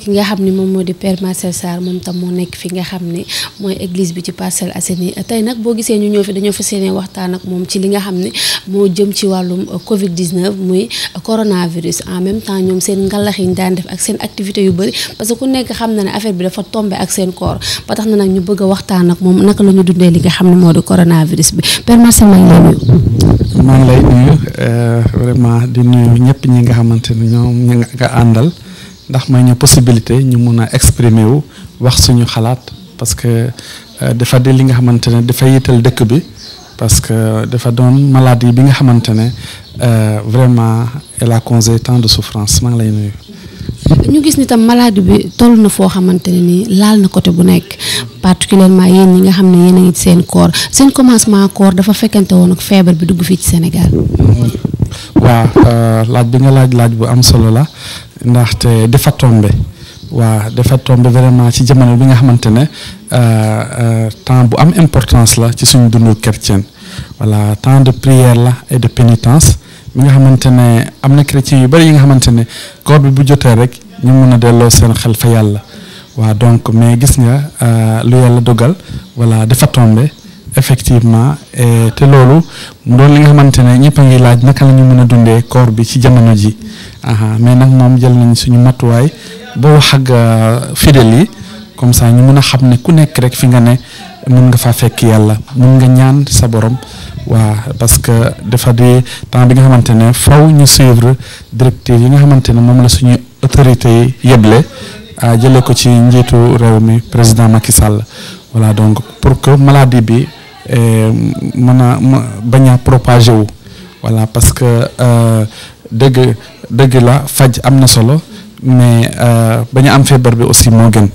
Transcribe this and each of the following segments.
ki nga xam ni moom moo di père Marcel Sarr moom tam moo nekk fi nga xam ni mooy église bi ci Parcelles Assainies tey nag boo gisee ñu ñëw fi dañoo fa yéene waxtaan ak moom ci li nga xam ne moo jëm ci wàllum Covid 19 muy coronavirus en même temps ñoom seen ngalax yi ñu daan def ak seen activité yu bëri parce xam na ne affaire bi dafa tombé ak seen koor ba tax na ñu bëgg waxtaan ak moom naka la ñu dundee li nga xam ne moo di bi père Marcel maa ngi lay nuyu. Euh, xamante ni ñoom ñi nga àndal. ndax may ñu possibilité ñu mun a exprimer wu wax suñu xalaat parce que euh, dafa di li nga xamante ne dafa yital dëkk bi parce que dafa doon maladie bi nga xamante ne euh, vraiment elle a de souffrance maa ngi lay nuyu. ñu gis ni tam maladie bi toll na foo xamante ne nii laal na côté bu nekk particulièrement yéen ñi nga xam ne yéen seen koor seen commencement koor dafa fekkante woon ak feebar bi dugg fii ci Sénégal. waaw euh, laaj bi nga laaj laaj bu am solo la. ndaxte dafa tombé waaw dafa tombé vraiment ci jamono bi nga xamante ne euh, euh, temps bu am importance la ci suñu dundu chrétien voilà temps de prière la et de pénitence mi nga xamante ne am na chrétiens yu bëri yi nga xamante ne koor bi bu jotee rek ñu mun a delloo seen xel fa yàlla waaw donc mais gis nga euh, lu yàlla dogal voilà dafa tombé effectivement te loolu mu doon li nga xamante ne ñëpp a ngi laaj naka la ñu mën a dundee koor bi ci jamono ji aha mais nag moom jël nañ suñu matuwaay ba wax ak euh, fidèles yi comme ça ñu mën a xam ne ku nekk rek fi nga ne mun nga faa fekk yàlla mën nga ñaan sa borom waa parce que dafa di temps bi nga xamante ne faw ñu suivre directive yi nga xamante ne moom la suñu autorité yi yeble jëlee ko ci njiitu réew mi président Macky Sall voilà donc pour que maladie bi euh, mën a bañ a propagé wu euh, dëgg dëgg la faj am na solo mais euh, ba ñu am feebar bi aussi moo gën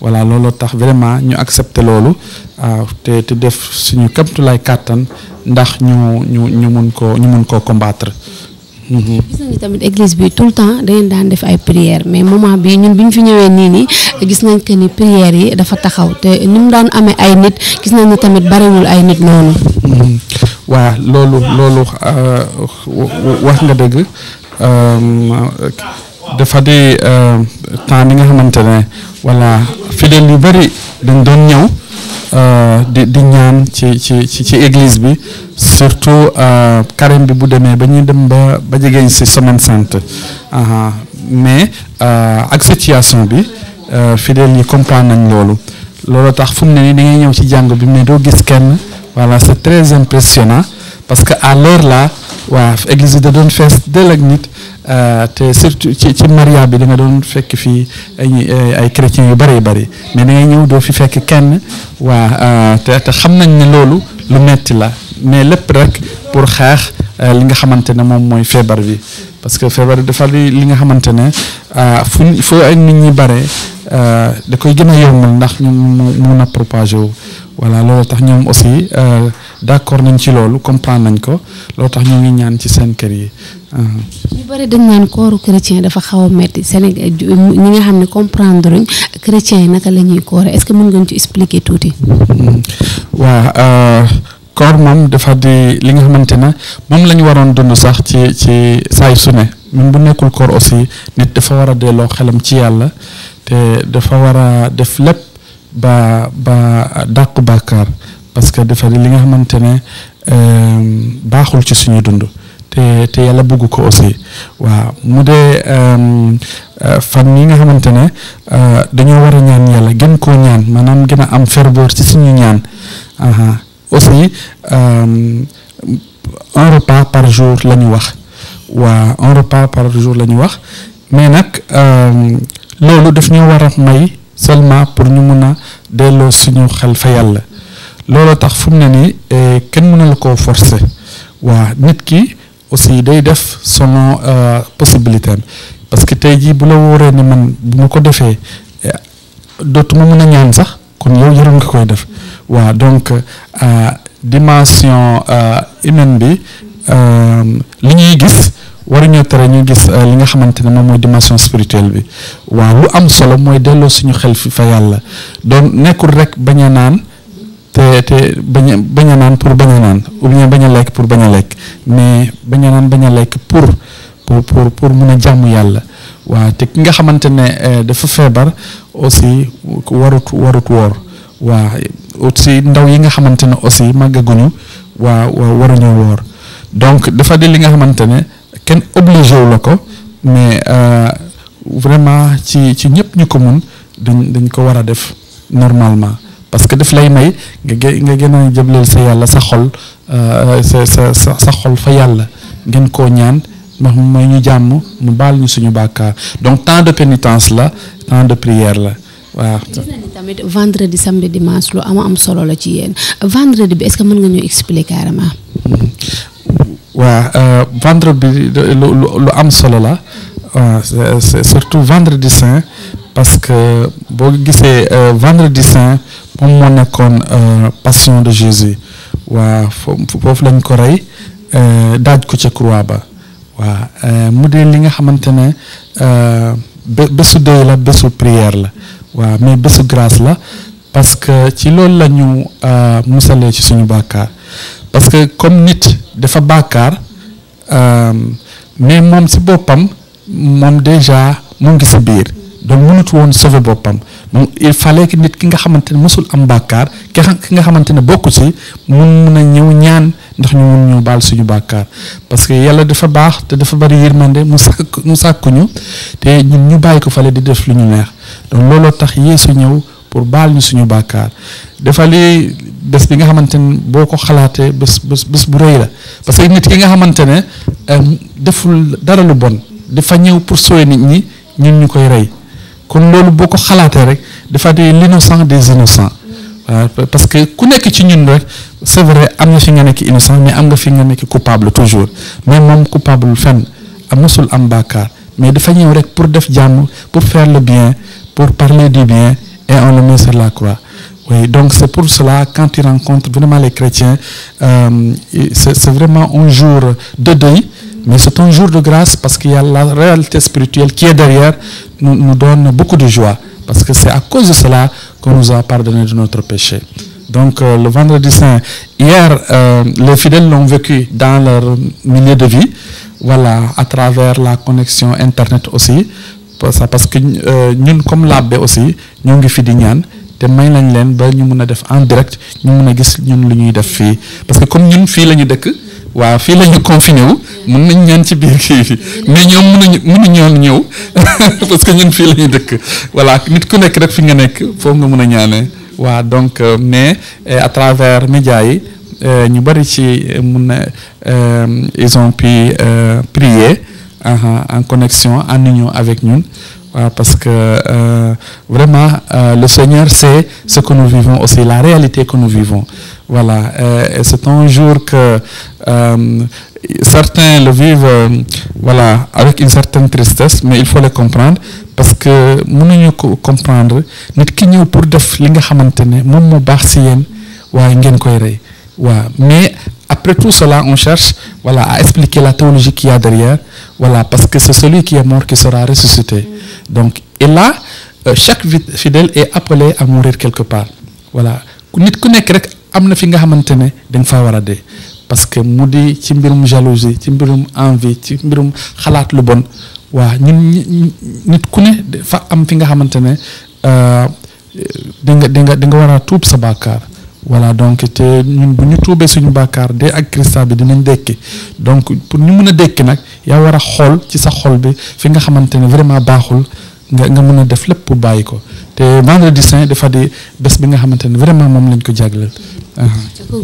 voilà looloo tax vraiment ñu accepter loolu te te def suñu kamtulaay kàttan ndax ñu ñu ñu mun koo ñu mun koo combattre. gis mhm. nañu tamit église bi tout le temps da daan def ay prières mais moment bi ñun bi ñu fi ñëwee nii gis nañ que ni prières yi dafa taxaw te ni mu daan amee ay nit gis nañ ni tamit bariwul ay nit noonu. Mhm. waa loolu loolu euh, wax nga dëgg. Ehm, dafa de ehm, temps bi nga xamante ne voilà fidèles yu bëri dañ doon ñëw euh, di di ñaan ci ci ci église bi surtout euh, carême bi bu demee ba ñuy dem ba ba jegeeñ si semaine sainte mais euh, ak situation bi fidèles yi comprendre nañ loolu loolu tax fu mu ne nii da ñëw ci jàng bi mais doo gis kenn voilà c'est très impressionnant parce que à l'heure waaw église da doon fees dell ak nit euh, te surtout ci ci Maria bi da doon fekk fii euh, ay chrétiens yu bëree bëri mais da ngay ñëw doo fi fekk kenn waa euh, te te xam nañ ne loolu lu metti la mais lépp rek pour xeex li nga xamante ne moom mooy feebar bi parce que feebar bi dafa li li nga xamante ne fu fu ay nit ñi bare da koy gën a yombal ndax ñu mun a propager wu voilà loolu tax ñoom aussi. d'accord nañ ci loolu comprendre nañ ko loo tax ñu ngi ñaan ci seen kër yi. Ah. ñu bëri dañ naan kooru chrétien dafa xaw a metti Sénégal ñi nga xam ne comprendre luñ yi naka la ñuy koore est-ce que mën ngeen ci expliquer tuuti. Hmm. Euh, koor moom dafa di li nga xamante ne moom lañu waroon dund sax ci ci saay su ne même bu nekkul koor aussi nit dafa war a delloo xelam ci yàlla te dafa war a def lépp ba ba dàqu bàkkaar parce que dafa di li nga xamante ne euh, baaxul ci suñu dund te te yàlla bëgg ko aussi waaw mu dee euh, euh, fan yi nga xamante ne dañoo war a ñaan yàlla gën koo ñaan maanaam gën a am ferveur ci suñu ñaan aussi un repas par jour la ñu wax waa un repas par jour la ñu wax mais nag loolu def ñu war a may seulement pour ñu mun a delloo suñu xel fa yàlla looloo tax fu ne nii eh, kenn mën na la koo forcer waa nit ki aussi day def selon euh, possibilité am parce que tey jii bu la wóoree ni man bu ma ko defee eh, dootuma mën a ñaan sax kon yow jarul nga koy def waa donc euh, dimension euh, humaine bi li ñuy gis waruñoo tere ñu gis li nga xamante ne moom mooy dimension spirituelle bi waaw lu am solo mooy delloo suñu xel fi fa yàlla donc nekkul rek bañ naan. te te bañ a bañ a naan pour bañ naan ou bien bañ a lekk pour bañ a lekk mais bañ a naan bañ a lekk pour pour pour pour mun a jàmm yàlla waa te ki nga xamante ne euh, dafa feebar aussi warut warut woor waa aussi ndaw yi nga xamante ne aussi màggaguñu waa waa waruñu woor donc dafa de li nga xamante ne kenn obligé la ko mais euh, vraiment ci ci ñëpp ñu ko mun dañ dañ ko war a def normalement. parce que daf lay may nga gë nga gën a jëbleel sa yàlla sa xol euh, sa sa xol fa yàlla ngeen koo ñaan ndax mu may ñu jàmm mu baal ñu suñu bàkkaar donc temps de pénitence la temps de prière la waaw. tamit vendredi samedi dimanche lu am am solo la ci yéen vendredi bi est mën nga ñu expliquer carrément. waaw hmm. euh, vendredi lu am solo la c'est surtout vendredi saint parce que boo gisee euh, vendredi saint. moom moo nekkoon euh, passion de Jésus waa foofu lañ ko rey euh, daaj ko ca croix ba waa euh, mu dee li nga xamante ne bésu dëy la bésu prière la waa mais bésu grâce la parce que ci loolu la ñu musalee ci suñu bàkkaar parce que comme nit dafa bàkkaar mais moom si boppam moom déjà mu ngi si biir donc mënut woon sauver boppam moom il nit ki nga xamante ne mosul am bàkkaar ki ki nga xamante ne bokku ci mun mun a ñëw ñaan ndax ñu mun ñu baal suñu bàkkaar parce que yàlla dafa baax te dafa bari yërmande mu sàkk mu sàkkuñu te ñu bàyyi ko fale di def lu ñu neex donc looloo tax Yeesu ñëw pour baal ñu suñu bàkkaar dafa li bés bi nga xamante ne boo ko xalaatee bés bés bés bu rëy la parce que nit ki nga xamante ne euh, deful dara lu bon dafa ñëw pour sooy nit ñi ñun ñu koy rey kon loolu boo ko xalaatee rek dafa di l'innocent des innocents parce que ku nekk ci ñun rek c'est vrai am na fi nga nekk innocent mais am nga fi nga nekk coupable toujours mais moom coupable fenn am musul am bàkkaar mais dafa ñëw rek pour def jànn pour faire le bien pour parler du bien et on le met la croix oui donc c'est pour cela quand il rencontre vraiment les chrétiens euh, c'est, vraiment un jour de deuil Mais c'est un jour de grâce parce qu'il y a la réalité spirituelle qui est derrière, nous, nous donne beaucoup de joie. Parce que c'est à cause de cela qu'on nous a pardonné de notre péché. Donc euh, le vendredi hier, euh, les fidèles l'ont vécu dans leur milieu de vie, wala à travers la connexion Internet aussi. Ça, parce que euh, ñun comme la l'abbé aussi ñoo ngi fi di ñaan te may nañ leen ba ñu mun a def en direct ñu mun a gis ñun lu ñuy def fii parce que comme ñun fii la dëkk waaw fii la ñu wu mun nañ ñaan ci biir kii bi mais ñoom mënuñu mënuñoon ñëw parce que ñun fii la dëkk voilà nit ku nekk rek fi nga nekk foofu nga mun a ñaanee waa donc euh, mais euh, à travers médias yi euh, ñu bëri ci mun na ils ont pu prier en connexion en union avec ñun waa parce que vraiment le Seigneur sait ce que nous vivons aussi la réalité que nous vivons Voilà, euh, c'est un jour que euh, certains le vivent euh, voilà, avec une certaine tristesse, mais il faut le comprendre parce que mënuñu ko comprendre nit ki ñëw pour def li nga xamante ne moom moo baax si yéen waa ngeen koy rey waaw mais après tout cela on cherche voilà à expliquer la théologie qu'il y a derrière voilà parce que c'est celui qui est mort qui sera ressuscité donc et là euh, chaque fidèle est appelé à mourir quelque part voilà nit ku nekk rek. am na fi nga xamante ne da nga faa war a dee parce que mu di ci mbirum jalousie ci mbirum envie ci mbirum xalaat lu bon waa ñun nit ku ne fa am fi nga xamante ne euh, di nga di nga di war a tuub sa bàkkaar voilà donc te ñun bu ñu tuubee suñu bàkkaar dee ak Christ bi dinañ dekki donc pour ñu mun a dekki nag yaa war a xool ci sa xool bi fi nga xamante ne vraiment baaxul nga nga mun a def lépp pour bàyyi ko. te vendredi saint dafa di bés bi nga xamante ne vraiment moom lañ ko jagleel.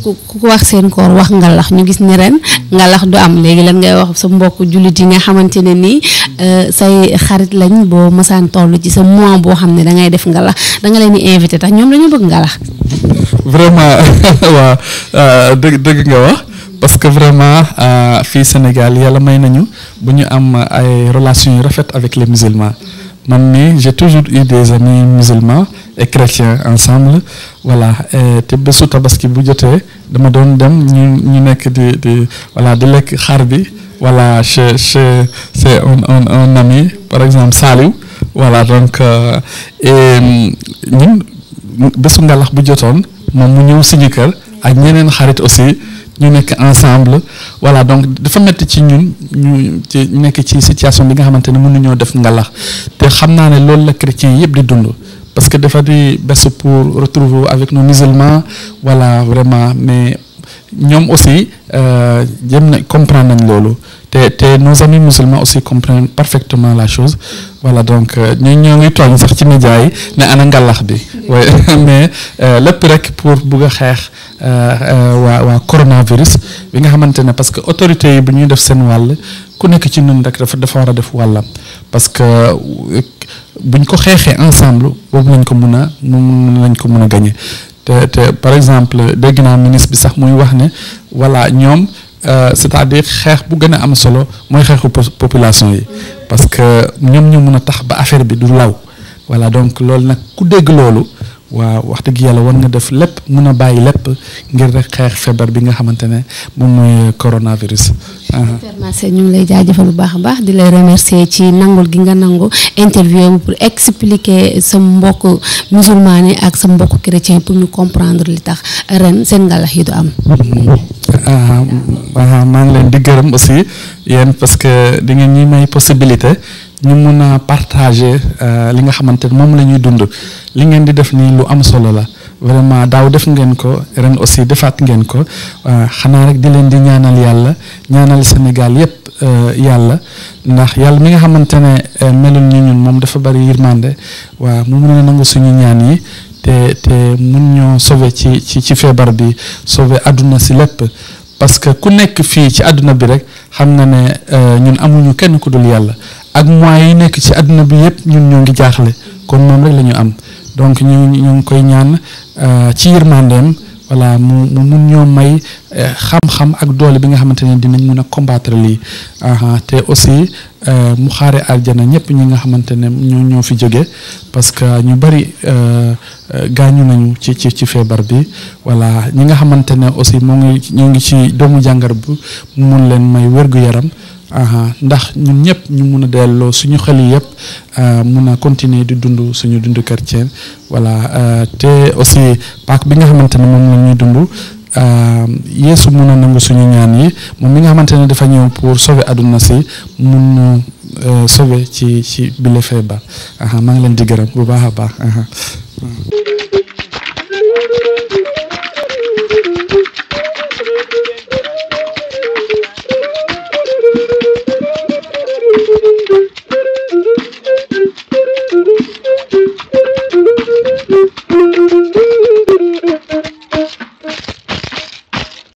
ku ko wax seen koor wax ngalax ñu gis ni ren ngalax du am léegi lan ngay wax sa mbokk jullit yi nga xamante ne nii euh, say xarit lañ boo mësaan toll ci sa mois boo xam ne da ngay def ngalax da nga leen di invité tax ñoom dañoo bëgg ngalax. vraiment waaw euh, dëgg dëgg nga wax. parce que vraiment euh, fii Sénégal yàlla may nañu bu ñu am ay relations yu rafet avec les musulmans. man mii j'ai toujours eu des amis musulmans et chrétiens ensemble voilà te bésu tabaski bu jotee dama doon dem ñu nekk di di voilà di lekk xar bi voilà chez chez c'est un un un ami par exemple Saliou voilà donc euh, et mm, ñun bésu ngalax bu jotoon moom mu ñëw suñu kër ak ñeneen xarit aussi. ñu nekk ensemble voilà donc dafa metti ci ñun ñu ci nekk ci situation bi nga xamante ne mënuñoo def ngalax te xam naa ne loolu la chrétien yëpp di dund parce que dafa di bés pour retrouver avec nos musulmans wala vraiment mais ñoom aussi jëm euh, na comprendre nañ loolu te te nos amis musulmans aussi comprennent parfaitement la chose voilà donc euh, ñoo ñoo ngi tooñ sax ci média yi ne ana ngalax bi mais euh, lépp rek pour bugg a xeex euh, euh, waa waa coronavirus bi nga xamante ne parce que autorité yi bu ñuy def seen wàll ku nekk ci nun rek dafa dafa war a def wàllam parce que buñ ko xeexee ensemble boobu lañ ko mun a mun lañ ko mun a gagné te te par exemple dégg naa ministre bi sax muy wax ne voilà ñoom c'est-à-dire xeex bu gën a am solo mooy xeexu population yi parce que ñoom ñoo mun a tax ba affaire bi du law. voilà donc loolu nag ku dégg loolu waaw wax dëgg yàlla war nga def lépp mun a bàyyi lépp ngir rek xeex feebar bi nga xamante ne moom mooy coronavirus. supermarché ñu ngi lay jaajëfal bu baax a baax di lay remercier ci nangul gi nga nangu interview pour expliquer sa mbokk musulman yi ak sa mbokk chrétien pour ñu comprendre li tax ren seen ngalax yi du am. maa ngi leen di gërëm aussi yéen parce que ngeen ñi may possibilité. ñu mun a partager euh, li nga xamante ne moom la ñuy dund li ngeen di def nii lu am solo la vraiment daaw def ngeen ko ren aussi defaat ngeen ko euh, xanaa rek di leen di ñaanal yàlla ñaanal Sénégal yépp euh, yàlla ndax yàlla mi nga xamante ne melul ñu ñun moom dafa bari yirmande waaw mu mun a nangu suñu ñaan yi te te mun ñoo sauver ci ci ci feebar bi sauver àdduna si lépp parce que ku nekk fii ci àdduna bi rek xam na ne ñun amuñu kenn ku dul yàlla ak moyens yu nekk ci àdduna bi yëpp ñun ñoo ngi jaaxle kon moom rek la ñu am donc ñu ñu ngi koy ñaan euh, ci yërmandeem voilà mu mu mun ñoo may euh, xam-xam ak doole bi nga xamante ne dinañ mun a combattre lii te aussi euh, mu xaare aljana ñëpp ñi nga xamante ne ñoo ñoo fi jóge parce que ñu bëri gaañu nañu ci ci ci feebar bi wala ñi nga xamante ne aussi moo ngi ñoo ngi ci doomu jàngar bu mun leen may wérgu yaram ndax ñun ñëpp ñu mun a delloo suñu xel yi yëpp euh, mun a continuer di dund suñu dund chrétien voilà euh, te aussi Pâques bi nga xamante ne moom la ñuy dund euh, Yeesu mun a nangu suñu ñaan yi moom mi nga xamante ne dafa ñëw pour sauver àdduna si mun sauver ci ci bile feebar maa ngi leen di gërëm bu baax a baax.